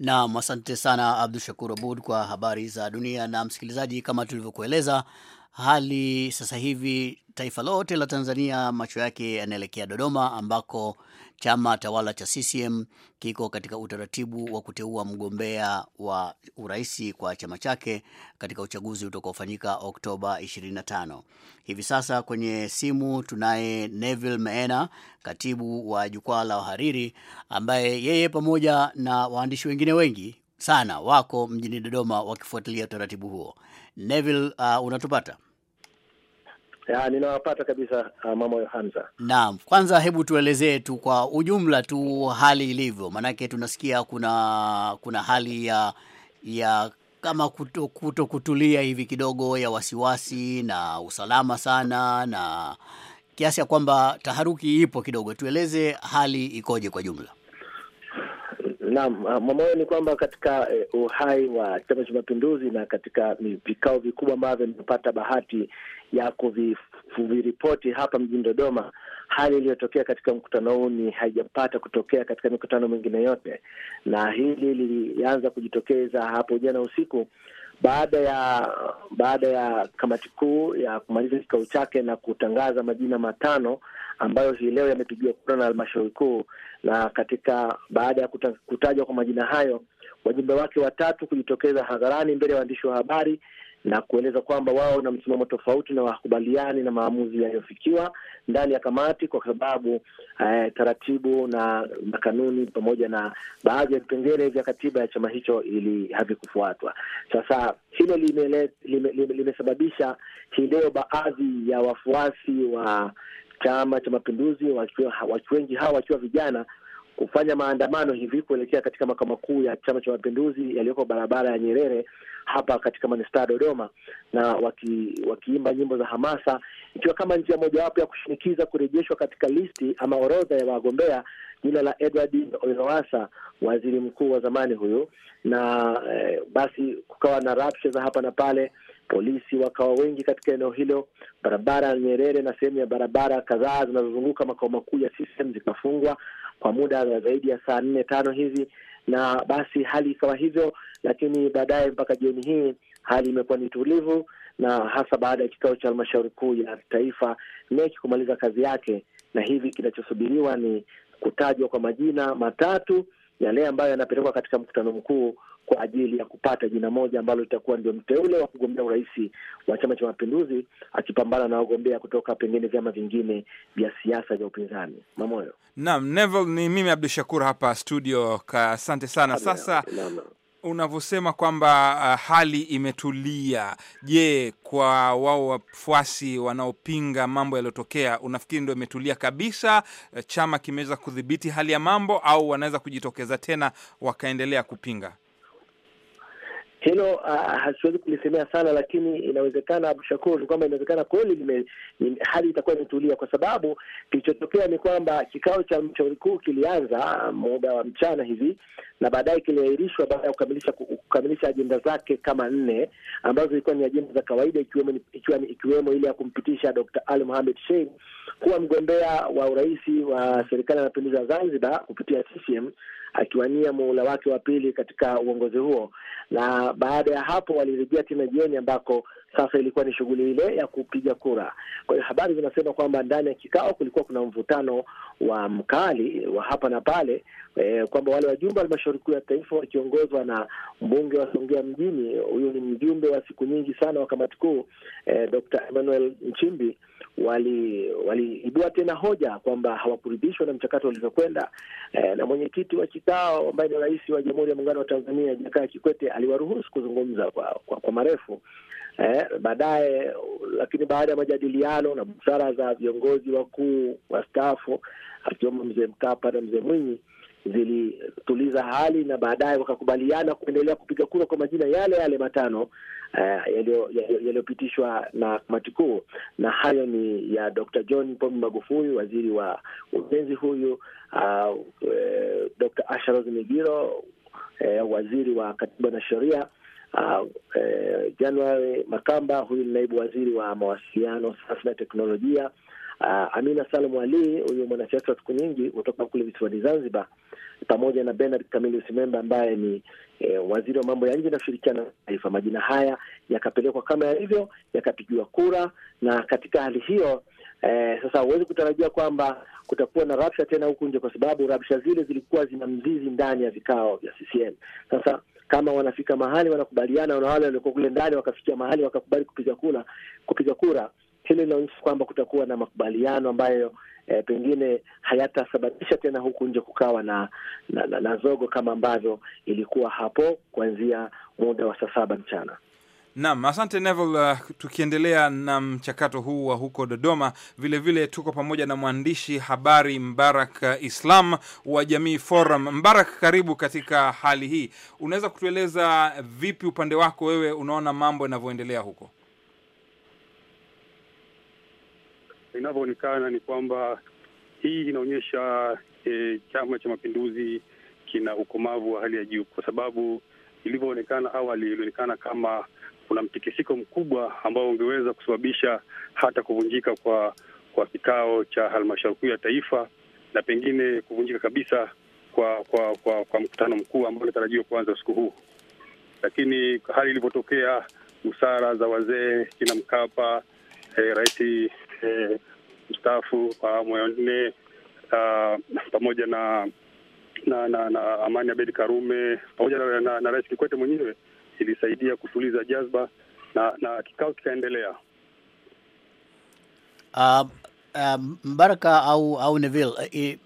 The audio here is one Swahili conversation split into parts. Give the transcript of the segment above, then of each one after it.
Naam, asante sana Abdu Shakur Abud kwa habari za dunia. Na msikilizaji, kama tulivyokueleza, Hali sasa hivi taifa lote la Tanzania macho yake yanaelekea Dodoma ambako chama tawala cha CCM kiko katika utaratibu wa kuteua mgombea wa uraisi kwa chama chake katika uchaguzi utakaofanyika Oktoba 25. Hivi sasa kwenye simu tunaye Neville Meena, katibu wa jukwaa la wahariri, ambaye yeye pamoja na waandishi wengine wengi sana wako mjini Dodoma wakifuatilia utaratibu huo. Neville, uh, unatupata? Eh, ninawapata kabisa uh, mama Hamza. Naam, kwanza hebu tuelezee tu kwa ujumla tu hali ilivyo, maanake tunasikia kuna kuna hali ya ya kama kuto, kuto kutulia hivi kidogo ya wasiwasi na usalama sana na kiasi ya kwamba taharuki ipo kidogo. Tueleze hali ikoje kwa jumla. Naam, ah, mamayo ni kwamba katika eh, uhai wa Chama cha Mapinduzi na katika vikao vikubwa ambavyo nimepata bahati ya kuviripoti hapa mjini Dodoma. Hali iliyotokea katika mkutano huu ni haijapata kutokea katika mikutano mingine yote, na hili lilianza kujitokeza hapo jana usiku baada ya baada ya kamati kuu ya kumaliza kikao chake na kutangaza majina matano ambayo hii leo yamepigiwa kura na halmashauri kuu, na katika baada ya kutajwa kwa majina hayo, wajumbe wake watatu kujitokeza hadharani mbele ya waandishi wa habari na kueleza kwamba wao na msimamo tofauti na wakubaliani na maamuzi yaliyofikiwa ndani ya kamati kwa sababu eh, taratibu na, na kanuni pamoja na baadhi ya vipengele vya katiba ya chama hicho ili havikufuatwa. Sasa hilo limesababisha lime, lime, lime hii leo baadhi ya wafuasi wa Chama cha Mapinduzi wengi hawa wakiwa vijana kufanya maandamano hivi kuelekea katika makao makuu ya Chama cha Mapinduzi yaliyoko barabara ya Nyerere hapa katika manispaa ya Dodoma, na waki, wakiimba nyimbo za hamasa, ikiwa kama njia mojawapo ya kushinikiza kurejeshwa katika listi ama orodha ya wagombea jina la Edward Lowassa, waziri mkuu wa zamani huyu. Na eh, basi kukawa na rabsha za hapa na pale, polisi wakawa wengi katika eneo hilo. Barabara ya Nyerere na sehemu ya barabara kadhaa zinazozunguka makao makuu ya CCM zikafungwa kwa muda zaidi ya saa nne tano hivi, na basi hali ikawa hivyo, lakini baadaye mpaka jioni hii hali imekuwa ni tulivu, na hasa baada ya kikao cha halmashauri kuu ya taifa NEC kumaliza kazi yake, na hivi kinachosubiriwa ni kutajwa kwa majina matatu yale ambayo yanapelekwa katika mkutano mkuu kwa ajili ya kupata jina moja ambalo litakuwa ndio mteule wa kugombea urais wa Chama cha Mapinduzi, akipambana na wagombea kutoka pengine vyama vingine vya siasa vya upinzani. Mamoyo nam Neville, ni mimi Abdu Shakur hapa studio. Asante sana. Sasa unavyosema kwamba uh, hali imetulia. Je, kwa wao wafuasi wanaopinga mambo yaliyotokea, unafikiri ndo imetulia kabisa, chama kimeweza kudhibiti hali ya mambo, au wanaweza kujitokeza tena wakaendelea kupinga? hilo uh, hasiwezi kulisemea sana, lakini inawezekana Abu Shakur, kwamba inawezekana kweli hali itakuwa imetulia, kwa sababu kilichotokea ni kwamba kikao cha mshauri kuu kilianza ah, muda wa mchana hivi na baadaye kiliahirishwa baada ya kukamilisha kukamilisha ajenda zake kama nne ambazo zilikuwa ni ajenda za kawaida, ikiwemo ikiwemo, ikiwemo ile ya kumpitisha Dr. Ali Mohamed Shein kuwa mgombea wa urais wa serikali ya mapinduzi ya Zanzibar kupitia CCM akiwania muhula wake wa pili katika uongozi huo, na baada ya hapo walirejea tena jioni, ambako sasa ilikuwa ni shughuli ile ya kupiga kura. Kwa hiyo habari zinasema kwamba ndani ya kikao kulikuwa kuna mvutano wa mkali wa hapa na pale, e, kwamba wale wajumbe wa halmashauri kuu ya taifa wakiongozwa na mbunge wa Songea mjini, huyu ni mjumbe wa siku nyingi sana wa kamati kuu e, eh, Dr. Emmanuel Nchimbi waliibua wali tena hoja kwamba hawakuridhishwa na mchakato ulivyokwenda, e, na mwenyekiti wa kikao ambaye ni rais wa Jamhuri ya Muungano wa Tanzania Jakaya Kikwete aliwaruhusu kuzungumza kwa, kwa, kwa marefu e, baadaye lakini baada ya majadiliano na busara za viongozi wakuu wastaafu akiwemo mzee Mkapa na mzee Mwinyi zilituliza hali na baadaye wakakubaliana kuendelea kupiga kura kwa majina yale yale matano uh, yaliyopitishwa na kamati kuu, na hayo ni ya Dr. John Pombe Magufuli, waziri wa ujenzi huyu, uh, eh, Dr. Asha Rose Migiro, uh, waziri wa katiba na sheria Uh, eh, Januari Makamba, huyu ni naibu waziri wa mawasiliano, sayansi na teknolojia uh, Amina Salum Ali huyu mwanasiasa wa siku nyingi kutoka kule visiwani Zanzibar, pamoja na Bernard Kamili Usimemba ambaye ni eh, waziri wa mambo ya nje na ushirikiano wa taifa. Majina haya yakapelekwa kama yalivyo, yakapigiwa kura, na katika hali hiyo Eh, sasa huwezi kutarajia kwamba kutakuwa na rabsha tena huku nje, kwa sababu rabsha zile zilikuwa zina mzizi ndani ya vikao vya CCM. Sasa kama wanafika mahali wanakubaliana na wale waliokuwa kule ndani, wakafikia mahali wakakubali kupiga kura, kupiga kura hili linaonyesha kwamba kutakuwa na makubaliano ambayo e, pengine hayatasababisha tena huku nje kukawa na na, na na zogo kama ambavyo ilikuwa hapo kuanzia muda wa saa saba mchana. Naam, asante Neville. Uh, tukiendelea na mchakato huu wa huko Dodoma, vilevile vile tuko pamoja na mwandishi habari Mbarak uh, Islam wa Jamii Forum. Mbarak, karibu katika hali hii. Unaweza kutueleza vipi upande wako wewe unaona mambo yanavyoendelea huko? inavyoonekana ni kwamba hii inaonyesha e, Chama cha Mapinduzi kina ukomavu wa hali ya juu, kwa sababu ilivyoonekana awali ilionekana kama kuna mtikisiko mkubwa ambao ungeweza kusababisha hata kuvunjika kwa kwa kikao cha halmashauri kuu ya taifa na pengine kuvunjika kabisa kwa kwa kwa, kwa mkutano mkuu ambao unatarajiwa kuanza usiku huu. Lakini hali ilivyotokea, busara za wazee kina Mkapa, eh, Rais eh, mstaafu kwa ah, awamu ya nne uh, ah, pamoja na na, na na Amani Abedi Karume pamoja na, na, na Rais Kikwete mwenyewe ilisaidia kutuliza jazba na, na kikao kikaendelea. Uh, uh, Mbaraka au au Neville,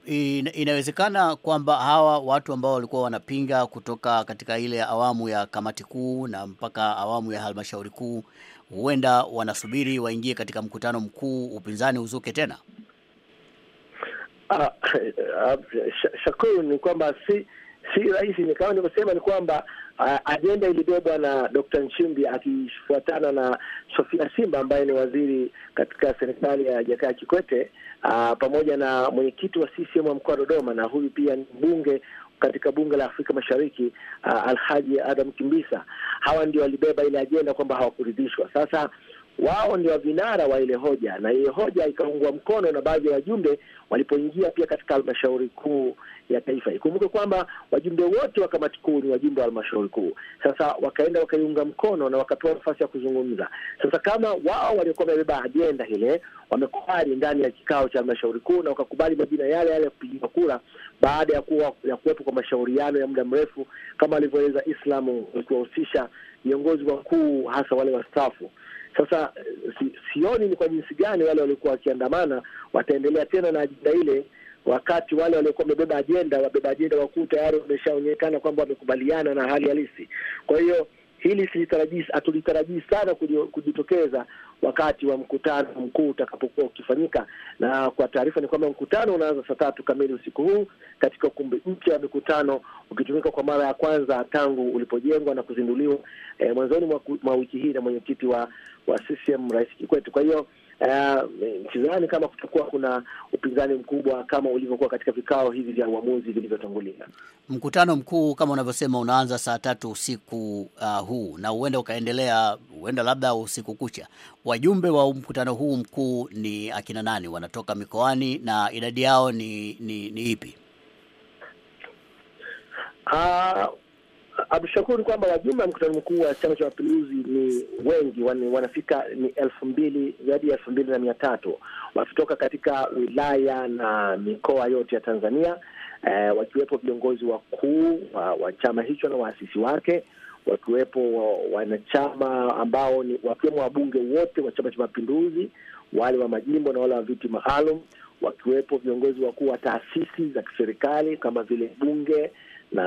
in, inawezekana kwamba hawa watu ambao walikuwa wanapinga kutoka katika ile awamu ya kamati kuu na mpaka awamu ya halmashauri kuu huenda wanasubiri waingie katika mkutano mkuu, upinzani uzuke tena? Ah, ah, shakuru ni kwamba si si rahisi. Ni kama nilivyosema, ni kwamba ah, ajenda ilibebwa na Dr. Nchimbi akifuatana na Sofia Simba ambaye ni waziri katika serikali ya Jakaya Kikwete, pamoja na mwenyekiti wa CCM wa mkoa wa Dodoma, na huyu pia ni mbunge katika bunge la Afrika Mashariki uh, Alhaji Adam Kimbisa. Hawa ndio walibeba ile ajenda kwamba hawakuridhishwa. Sasa wao ndio vinara wa ile hoja, na ile hoja ikaungwa mkono na baadhi ya wajumbe walipoingia pia katika halmashauri kuu ya taifa. Ikumbuke kwamba wajumbe wote wa kamati kuu ni wajumbe wa halmashauri kuu. Sasa wakaenda wakaiunga mkono na wakapewa nafasi ya kuzungumza. Sasa kama wao waliokuwa wamebeba ajenda ile wamekubali ndani ya kikao cha halmashauri kuu na wakakubali majina yale yale ya kupigiwa kura, baada ya kuwa ya kuwepo kwa mashauriano ya muda mrefu, kama alivyoeleza Islamu, kuwahusisha viongozi wakuu, hasa wale wastafu sasa si, sioni ni kwa jinsi gani wale waliokuwa wakiandamana wataendelea tena na ajenda ile, wakati wale waliokuwa wamebeba ajenda, wabeba ajenda wakuu tayari wameshaonekana kwamba wamekubaliana na hali halisi. Kwa hiyo hili hatulitarajii sana kujitokeza wakati wa mkutano mkuu utakapokuwa ukifanyika. Na kwa taarifa ni kwamba mkutano unaanza saa tatu kamili usiku huu katika ukumbi mpya wa mikutano ukitumika kwa mara ya kwanza tangu ulipojengwa na kuzinduliwa eh, mwanzoni mwa wiki hii na mwenyekiti wa wa CCM Rais Kikwete. Kwa hiyo Eh, sidhani uh, kama kutakuwa kuna upinzani mkubwa kama ulivyokuwa katika vikao hivi vya uamuzi vilivyotangulia. Mkutano mkuu kama unavyosema unaanza saa tatu usiku uh, huu na huenda ukaendelea, huenda labda usiku kucha. Wajumbe wa mkutano huu mkuu ni akina nani? Wanatoka mikoani na idadi yao ni, ni, ni ipi? uh, Abdushakur ni kwamba wajumbe wa mkutano mkuu wa Chama cha Mapinduzi ni wengi wanafika ni elfu mbili zaidi ya elfu mbili na mia tatu wakitoka katika wilaya na mikoa yote ya Tanzania eh, wakiwepo viongozi wakuu wa, wa chama hicho na waasisi wake wakiwepo wanachama ambao ni wakiwemo wabunge wote wa Chama cha Mapinduzi wale wa majimbo na wale wa viti maalum wakiwepo viongozi wakuu wa taasisi za kiserikali kama vile bunge na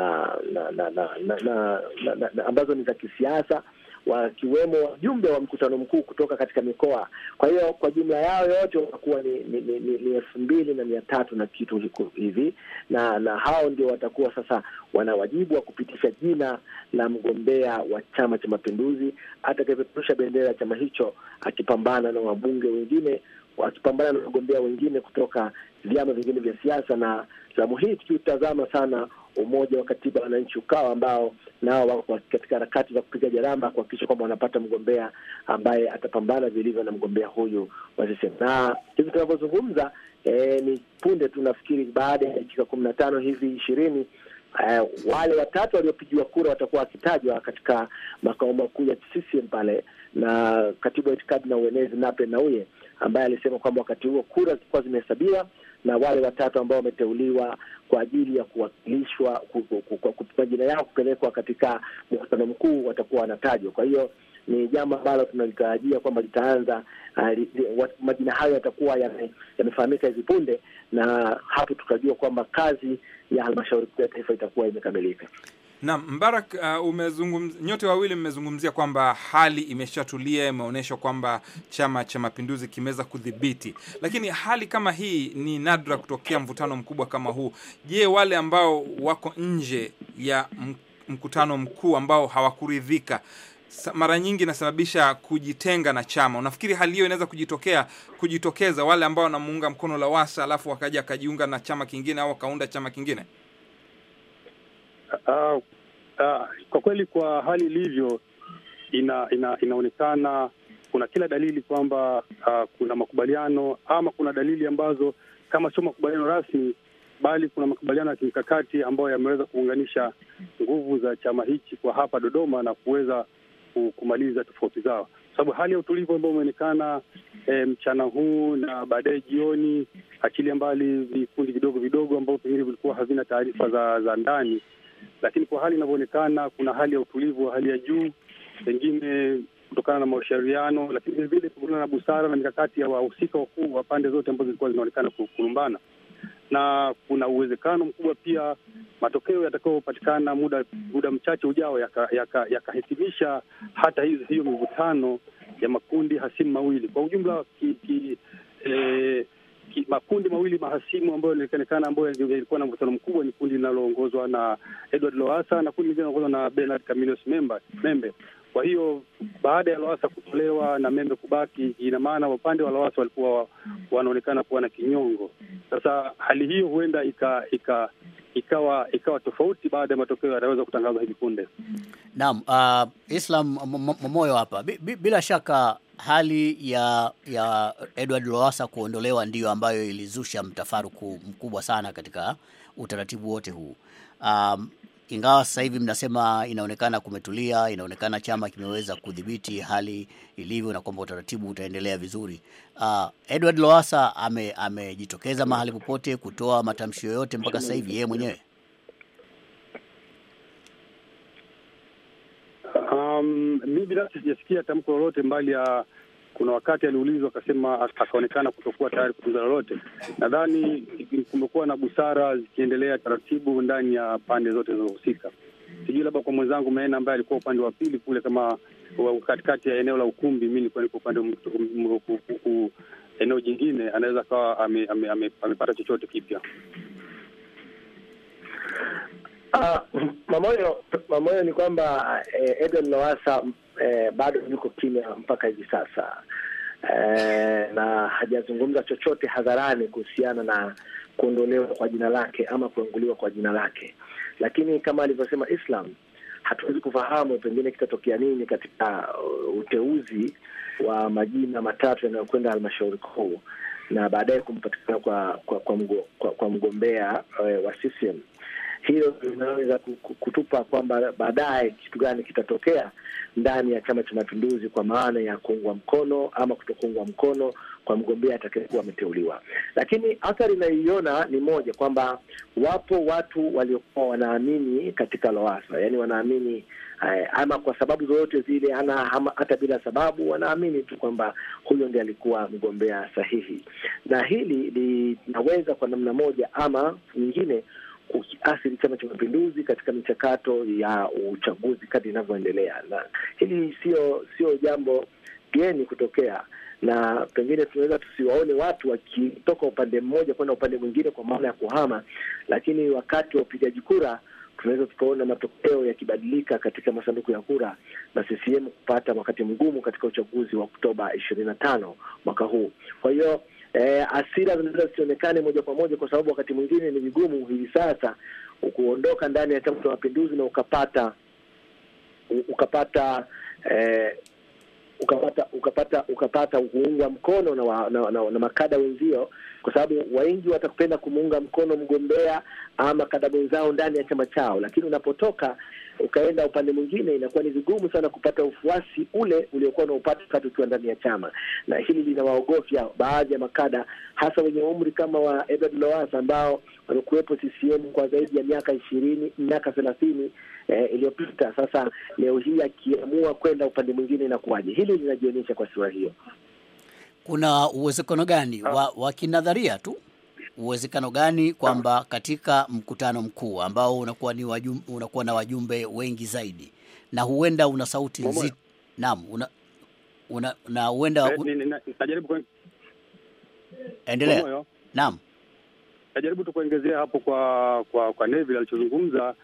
na na na, na, na, na, na ambazo ni za kisiasa wakiwemo wajumbe wa mkutano mkuu kutoka katika mikoa. Kwa hiyo kwa jumla yao yote watakuwa ni ni, ni, elfu mbili na mia tatu na kitu hivi, na na hao ndio watakuwa sasa wana wajibu wa kupitisha jina la mgombea wa Chama cha Mapinduzi atakayepeperusha bendera ya chama hicho akipambana na wabunge wengine akipambana na wagombea wengine kutoka vyama vingine vya siasa. Na zamu hii tukiutazama sana umoja wa katiba wananchi ukawa ambao nao wako katika harakati za kupiga jaramba kuhakikisha kwamba wanapata mgombea ambaye atapambana vilivyo na mgombea huyu wa CCM na hivi tunavyozungumza eh, ni punde tu nafikiri baada ya dakika kumi na tano hivi ishirini eh, wale watatu waliopigiwa kura watakuwa wakitajwa katika makao makuu ya CCM pale, na katibu wa itikadi na uenezi Nape nauye ambaye alisema kwamba wakati huo kura zilikuwa zimehesabiwa na wale watatu ambao wameteuliwa kwa ajili ya kuwakilishwa kwa majina yao kupelekwa katika mkutano mkuu watakuwa wanatajwa. Kwa hiyo ni jambo ambalo tunalitarajia kwamba litaanza. Uh, majina hayo yatakuwa yamefahamika hivi punde, na hapo tutajua kwamba kazi ya halmashauri kuu ya taifa itakuwa imekamilika. Na Mbarak, uh, umezungumza nyote wawili mmezungumzia kwamba hali imeshatulia, imeonyesha kwamba Chama cha Mapinduzi kimeweza kudhibiti, lakini hali kama hii ni nadra kutokea mvutano mkubwa kama huu. Je, wale ambao wako nje ya mkutano mkuu ambao hawakuridhika mara nyingi inasababisha kujitenga na chama. Unafikiri hali hiyo inaweza kujitokea kujitokeza wale ambao wanamuunga mkono lawasa alafu wakaja akajiunga na chama kingine au wakaunda chama kingine? Uh, uh, kwa kweli kwa hali ilivyo ina, ina, inaonekana kuna kila dalili kwamba uh, kuna makubaliano ama kuna dalili ambazo kama sio makubaliano rasmi bali kuna makubaliano ya kimkakati ambayo yameweza kuunganisha nguvu za chama hichi kwa hapa Dodoma na kuweza kumaliza tofauti zao, kwa sababu hali ya utulivu ambayo umeonekana e, eh, mchana huu na baadaye jioni, achilia mbali vikundi vidogo vidogo ambavyo pengine vilikuwa havina taarifa za, za ndani lakini kwa hali inavyoonekana, kuna hali ya utulivu wa hali ya juu, pengine kutokana na mashauriano, lakini vilevile kutokana na busara na mikakati ya wahusika wakuu wa pande zote ambazo zilikuwa zinaonekana kulumbana, na kuna uwezekano mkubwa pia matokeo yatakayopatikana muda muda mchache ujao yakahitimisha yaka, yaka hata hizi hiyo mivutano ya makundi hasimu mawili kwa ujumla ki, ki, eh, makundi mawili mahasimu ambayo yanaonekana ambayo yalikuwa na mvutano mkubwa ni kundi linaloongozwa na Edward loasa na kundi lingine linaloongozwa na Bernard Camillus Membe. Kwa hiyo baada ya loasa kutolewa na Membe kubaki, ina maana upande wa loasa walikuwa wanaonekana kuwa na kinyongo. Sasa hali hiyo huenda ika, ika ikawa ikawa tofauti baada ya matokeo yanaweza kutangazwa hivi punde. Naam, uh, Islam Momoyo hapa. Bila shaka hali ya ya Edward Lowassa kuondolewa ndiyo ambayo ilizusha mtafaruku mkubwa sana katika utaratibu wote huu. Um, ingawa sasa hivi mnasema inaonekana kumetulia, inaonekana chama kimeweza kudhibiti hali ilivyo na kwamba utaratibu utaendelea vizuri. Uh, Edward Lowassa amejitokeza ame mahali popote kutoa matamshi yoyote mpaka sasa hivi yeye mwenyewe Um, mi binafsi sijasikia tamko lolote mbali ya kuna wakati aliulizwa akasema, akaonekana kutokuwa tayari kuzungumza lolote. Nadhani kumekuwa na busara zikiendelea taratibu ndani ya pande zote zinazohusika. Sijui labda kwa mwenzangu Maena ambaye alikuwa upande wa pili kule, kama katikati ya eneo la ukumbi, mi nilikuwa niko upande eneo jingine, anaweza akawa amepata ame, ame, ame chochote kipya. Ah, mamoyo mamoyo ni kwamba eh, Eden Lowasa eh, bado yuko kimya mpaka hivi sasa eh, na hajazungumza chochote hadharani kuhusiana na kuondolewa kwa jina lake ama kuanguliwa kwa jina lake, lakini kama alivyosema Islam, hatuwezi kufahamu pengine kitatokea nini katika uh, uteuzi wa majina matatu yanayokwenda halmashauri kuu na baadaye kumpatikana kwa kwa, kwa, mgo, kwa, kwa mgombea uh, wa CCM hilo linaweza kutupa kwamba baadaye kitu gani kitatokea ndani ya Chama cha Mapinduzi kwa maana ya kuungwa mkono ama kutokuungwa mkono kwa mgombea atakayekuwa ameteuliwa. Lakini athari inayoiona ni moja, kwamba wapo watu waliokuwa wanaamini katika loasa yani wanaamini eh, ama kwa sababu zozote zile, ana hata bila sababu, wanaamini tu kwamba huyo ndi alikuwa mgombea sahihi, na hili linaweza kwa namna moja ama nyingine kukiathiri Chama cha Mapinduzi katika michakato ya uchaguzi kati inavyoendelea, na hili sio sio jambo geni kutokea, na pengine tunaweza tusiwaone watu wakitoka upande mmoja kwenda upande mwingine kwa maana ya kuhama, lakini wakati wa upigaji kura tunaweza tukaona matokeo yakibadilika katika masanduku ya kura na CCM kupata wakati mgumu katika uchaguzi wa Oktoba ishirini na tano mwaka huu. Kwa hiyo eh, asira zinaweza zisionekane moja kwa moja, kwa sababu wakati mwingine ni vigumu hivi sasa kuondoka ndani ya Chama cha Mapinduzi na ukapata ukapata e, ukapata ukapata ukapata kuunga mkono na, wa, na, na, na makada wenzio, kwa sababu wengi watakupenda kumuunga mkono mgombea ama kada mwenzao ndani ya chama chao, lakini unapotoka ukaenda upande mwingine, inakuwa ni vigumu sana kupata ufuasi ule uliokuwa unaupata wakati ukiwa ndani ya chama, na hili linawaogofya baadhi ya makada, hasa wenye umri kama wa Edward Lowassa ambao wamekuwepo CCM kwa zaidi ya miaka ishirini miaka thelathini eh, iliyopita. Sasa leo hii akiamua kwenda upande mwingine inakuwaje? Hili linajionyesha kwa sura hiyo. Kuna uwezekano gani wa, wa kinadharia tu uwezekano gani kwamba katika mkutano mkuu ambao unakuwa ni wajum, unakuwa na wajumbe wengi zaidi na huenda una sauti nzito, naam, una, una, na huenda eh, endelea, naam, najaribu tu kuongezea hapo kwa kwa, kwa Neville alichozungumza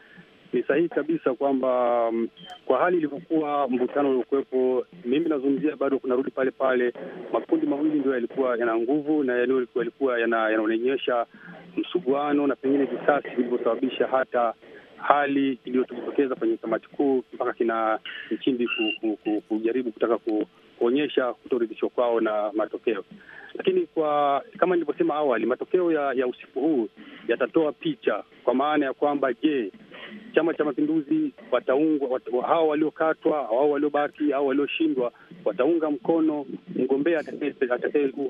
ni sahihi kabisa kwamba mm, kwa hali ilivyokuwa, mvutano uliokuwepo, mimi nazungumzia bado kunarudi pale pale, makundi mawili ndio yalikuwa yana nguvu na yalikuwa yanaonyesha yana msuguano na pengine visasi vilivyosababisha hata hali iliyotujitokeza kwenye kamati kuu mpaka kina Nchimbi kujaribu ku, ku, ku, kutaka ku, kuonyesha kutoridhishwa kwao na matokeo. Lakini kwa kama nilivyosema awali, matokeo ya, ya usiku huu yatatoa picha, kwa maana ya kwamba je, Chama cha Mapinduzi wataungwa hawa waliokatwa au waliobaki au walioshindwa wataunga mkono mgombea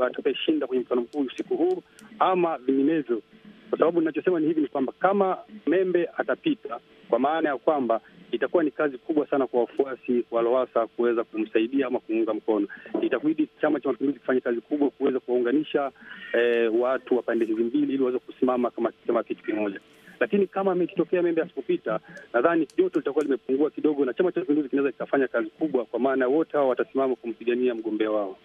atakayeshinda kwenye mkutano mkuu usiku huu ama vinginevyo? Kwa sababu ninachosema ni hivi, ni kwamba kama Membe atapita, kwa maana ya kwamba itakuwa ni kazi kubwa sana kwa wafuasi wa Lowassa kuweza kumsaidia ama kuunga mkono. Itabidi Chama cha Mapinduzi kufanya kazi kubwa kuweza kuwaunganisha eh, watu wa pande hizi mbili ili waweze kusimama kama, kama kitu kimoja lakini kama amekitokea Membe asipopita, nadhani joto litakuwa limepungua kidogo, na Chama cha Mapinduzi kinaweza kikafanya kazi kubwa, kwa maana wote hao watasimama kumpigania mgombea wao.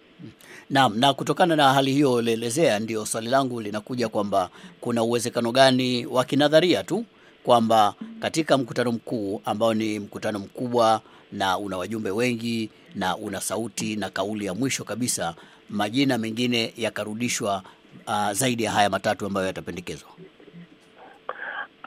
Naam, na kutokana na hali hiyo ulielezea, ndio swali langu linakuja kwamba kuna uwezekano gani wa kinadharia tu kwamba katika mkutano mkuu ambao ni mkutano mkubwa na una wajumbe wengi na una sauti na kauli ya mwisho kabisa, majina mengine yakarudishwa uh, zaidi ya haya matatu ambayo yatapendekezwa?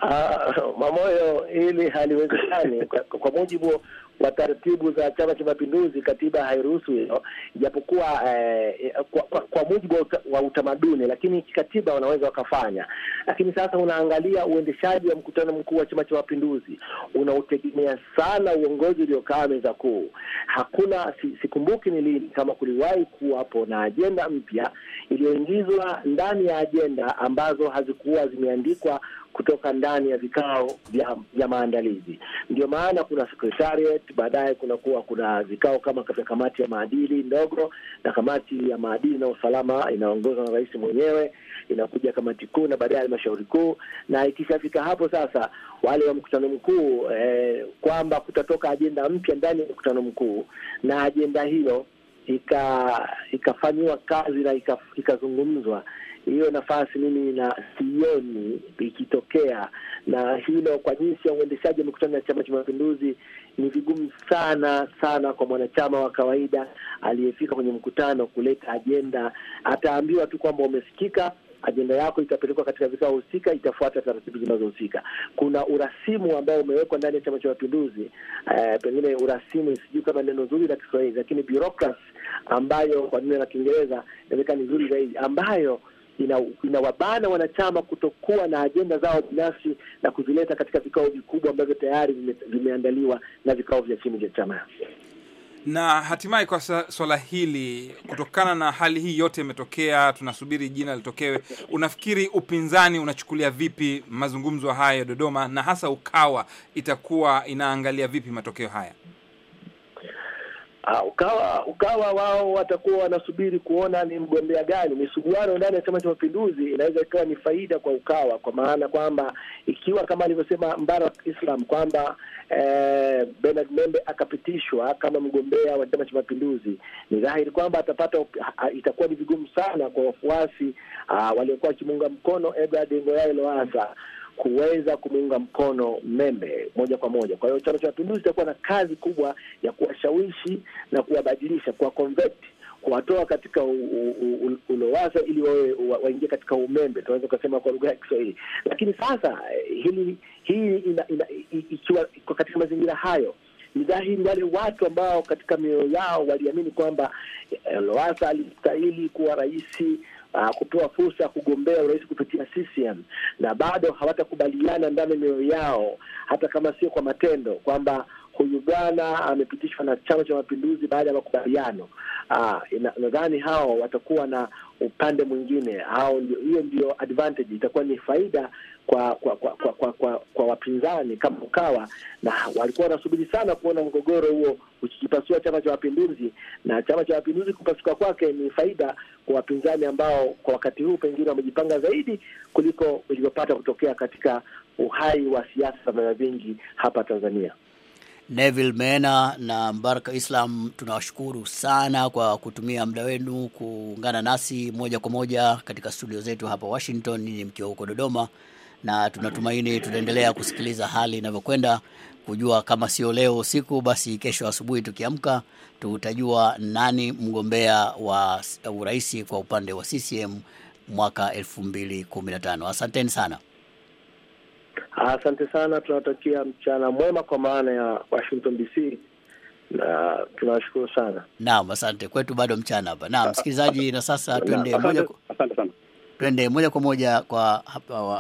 Uh, ah, Mamoyo, hili haliwezekani kwa, kwa mujibu kwa taratibu za Chama cha Mapinduzi katiba hairuhusu hilo, japokuwa eh, eh, kwa, kwa, kwa mujibu wa utamaduni, lakini kikatiba wanaweza wakafanya. Lakini sasa unaangalia uendeshaji wa mkutano mkuu wa Chama cha Mapinduzi unaotegemea sana uongozi uliokaa meza kuu. Hakuna si, sikumbuki ni lini kama kuliwahi kuwapo na ajenda mpya iliyoingizwa ndani ya ajenda ambazo hazikuwa zimeandikwa kutoka ndani ya vikao vya, vya maandalizi. Ndio maana kuna secretariat, baadaye kunakuwa kuna vikao kama vya kamati ya maadili ndogo na kamati ya maadili na usalama inaongozwa na rais mwenyewe, inakuja kamati kuu na baadaye halmashauri kuu, na ikishafika hapo sasa wale wa mkutano mkuu eh, kwamba kutatoka ajenda mpya ndani ya mkutano mkuu na ajenda hiyo ika- ikafanyiwa kazi na ikazungumzwa ika hiyo nafasi mimi na sioni ikitokea, na hilo kwa jinsi ya uendeshaji wa mikutano ya Chama cha Mapinduzi ni vigumu sana sana kwa mwanachama wa kawaida aliyefika kwenye mkutano kuleta ajenda. Ataambiwa tu kwamba umesikika ajenda yako itapelekwa katika vikao husika, itafuata taratibu zinazohusika. Kuna urasimu ambao umewekwa ndani ya Chama cha Mapinduzi. E, pengine urasimu, sijui kama neno zuri la Kiswahili, lakini bureaucracy ambayo kwa neno la Kiingereza inaonekana ni zuri zaidi, ambayo inawabana ina wanachama kutokuwa na ajenda zao binafsi na kuzileta katika vikao vikubwa ambavyo tayari vime, vimeandaliwa na vikao vya chini vya chama. Na hatimaye kwa swala hili, kutokana na hali hii yote imetokea, tunasubiri jina litokewe. Unafikiri upinzani unachukulia vipi mazungumzo haya ya Dodoma, na hasa Ukawa itakuwa inaangalia vipi matokeo haya? Ha, ah, ukawa ukawa wao watakuwa wanasubiri kuona ni mgombea gani. Misuguano ndani ya Chama cha Mapinduzi inaweza ikawa ni faida kwa Ukawa, kwa maana kwamba ikiwa kama alivyosema Mbarak Islam kwamba eh, Bernard Membe akapitishwa kama mgombea wa Chama cha Mapinduzi, ni dhahiri kwamba atapata, itakuwa ni vigumu sana kwa wafuasi ah, waliokuwa wakimuunga mkono Edward Ngoyai Lowassa kuweza kumuunga mkono Membe moja kwa moja. Kwa hiyo Chama cha Mapinduzi itakuwa na kazi kubwa ya kuwashawishi na kuwabadilisha, kuwaconvert, kuwatoa katika ulowaza ili wawe waingie katika umembe, tunaweza ukasema kwa lugha ya Kiswahili. Lakini sasa eh, hili hii ikiwa katika mazingira hayo ni dhahiri wale watu ambao katika mioyo yao waliamini kwamba eh, Lowassa alistahili kuwa rais Uh, ah, kupewa fursa ya kugombea urais kupitia CCM na bado hawatakubaliana ndani ya mioyo yao, hata kama sio kwa matendo, kwamba huyu bwana amepitishwa na Chama cha Mapinduzi baada ya makubaliano. Uh, nadhani hao watakuwa na upande mwingine. hiyo ndio advantage, itakuwa ni faida kwa kwa kwa, kwa, kwa, kwa, kwa wapinzani kama Ukawa, na walikuwa wanasubiri sana kuona mgogoro huo ukikipasua Chama cha Mapinduzi, na Chama cha Mapinduzi kupasuka kwake ni faida kwa wapinzani ambao kwa wakati huu pengine wamejipanga zaidi kuliko ilivyopata kutokea katika uhai wa siasa za vyama vingi hapa Tanzania. Neville Mena na Mbaraka Islam, tunawashukuru sana kwa kutumia muda wenu kuungana nasi moja kwa moja katika studio zetu hapa Washington, ni mkiwa huko Dodoma na tunatumaini tutaendelea kusikiliza hali inavyokwenda kujua kama sio leo usiku basi kesho asubuhi tukiamka tutajua nani mgombea wa urais kwa upande wa CCM mwaka 2015. Asanteni sana. Asante sana, tunatakia mchana mwema kwa maana ya Washington DC na tunawashukuru sana. Naam, asante. Kwetu bado mchana hapa. Naam, msikilizaji, na sasa twende moja. kwa Twende moja kwa moja kwa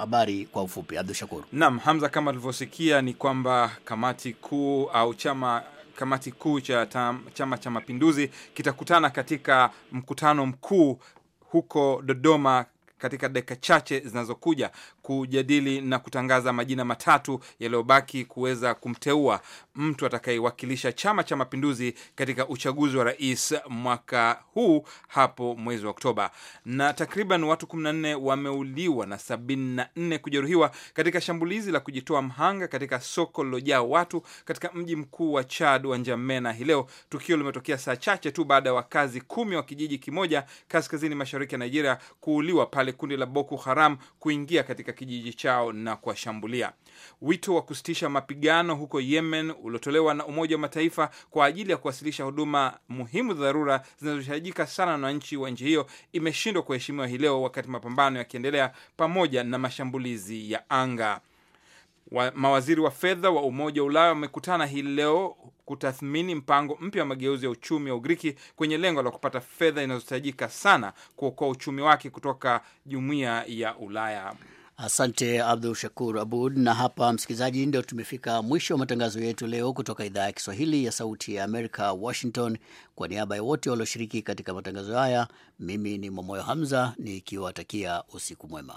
habari kwa ufupi. Abdul Shakur. Naam, Hamza, kama tulivyosikia ni kwamba kamati kuu au chama kamati kuu cha tam, Chama cha Mapinduzi kitakutana katika mkutano mkuu huko Dodoma katika dakika chache zinazokuja kujadili na kutangaza majina matatu yaliyobaki kuweza kumteua mtu atakayewakilisha Chama cha Mapinduzi katika uchaguzi wa rais mwaka huu hapo mwezi wa Oktoba. Na takriban watu 14 wameuliwa na 74 kujeruhiwa katika shambulizi la kujitoa mhanga katika soko lilojaa watu katika mji mkuu wa Chad wa Njamena hii leo. Tukio limetokea saa chache tu baada ya wakazi kumi wa kijiji kimoja kaskazini mashariki ya Nigeria kuuliwa pale kundi la Boko Haram kuingia katika kijiji chao na kuwashambulia. Wito wa kusitisha mapigano huko Yemen uliotolewa na Umoja wa Mataifa kwa ajili ya kuwasilisha huduma muhimu za dharura zinazohitajika sana na wananchi wa nchi hiyo imeshindwa kuheshimiwa hii leo, wakati mapambano yakiendelea pamoja na mashambulizi ya anga. Wa, mawaziri wa fedha wa Umoja wa Ulaya wamekutana hii leo kutathmini mpango mpya wa mageuzi ya uchumi wa Ugiriki kwenye lengo la kupata fedha inazohitajika sana kuokoa uchumi wake kutoka jumuiya ya Ulaya. Asante Abdul Shakur Abud. Na hapa, msikilizaji, ndio tumefika mwisho wa matangazo yetu leo kutoka idhaa ya Kiswahili ya Sauti ya Amerika, Washington. Kwa niaba ya wote walioshiriki katika matangazo haya, mimi ni Momoyo Hamza nikiwatakia usiku mwema.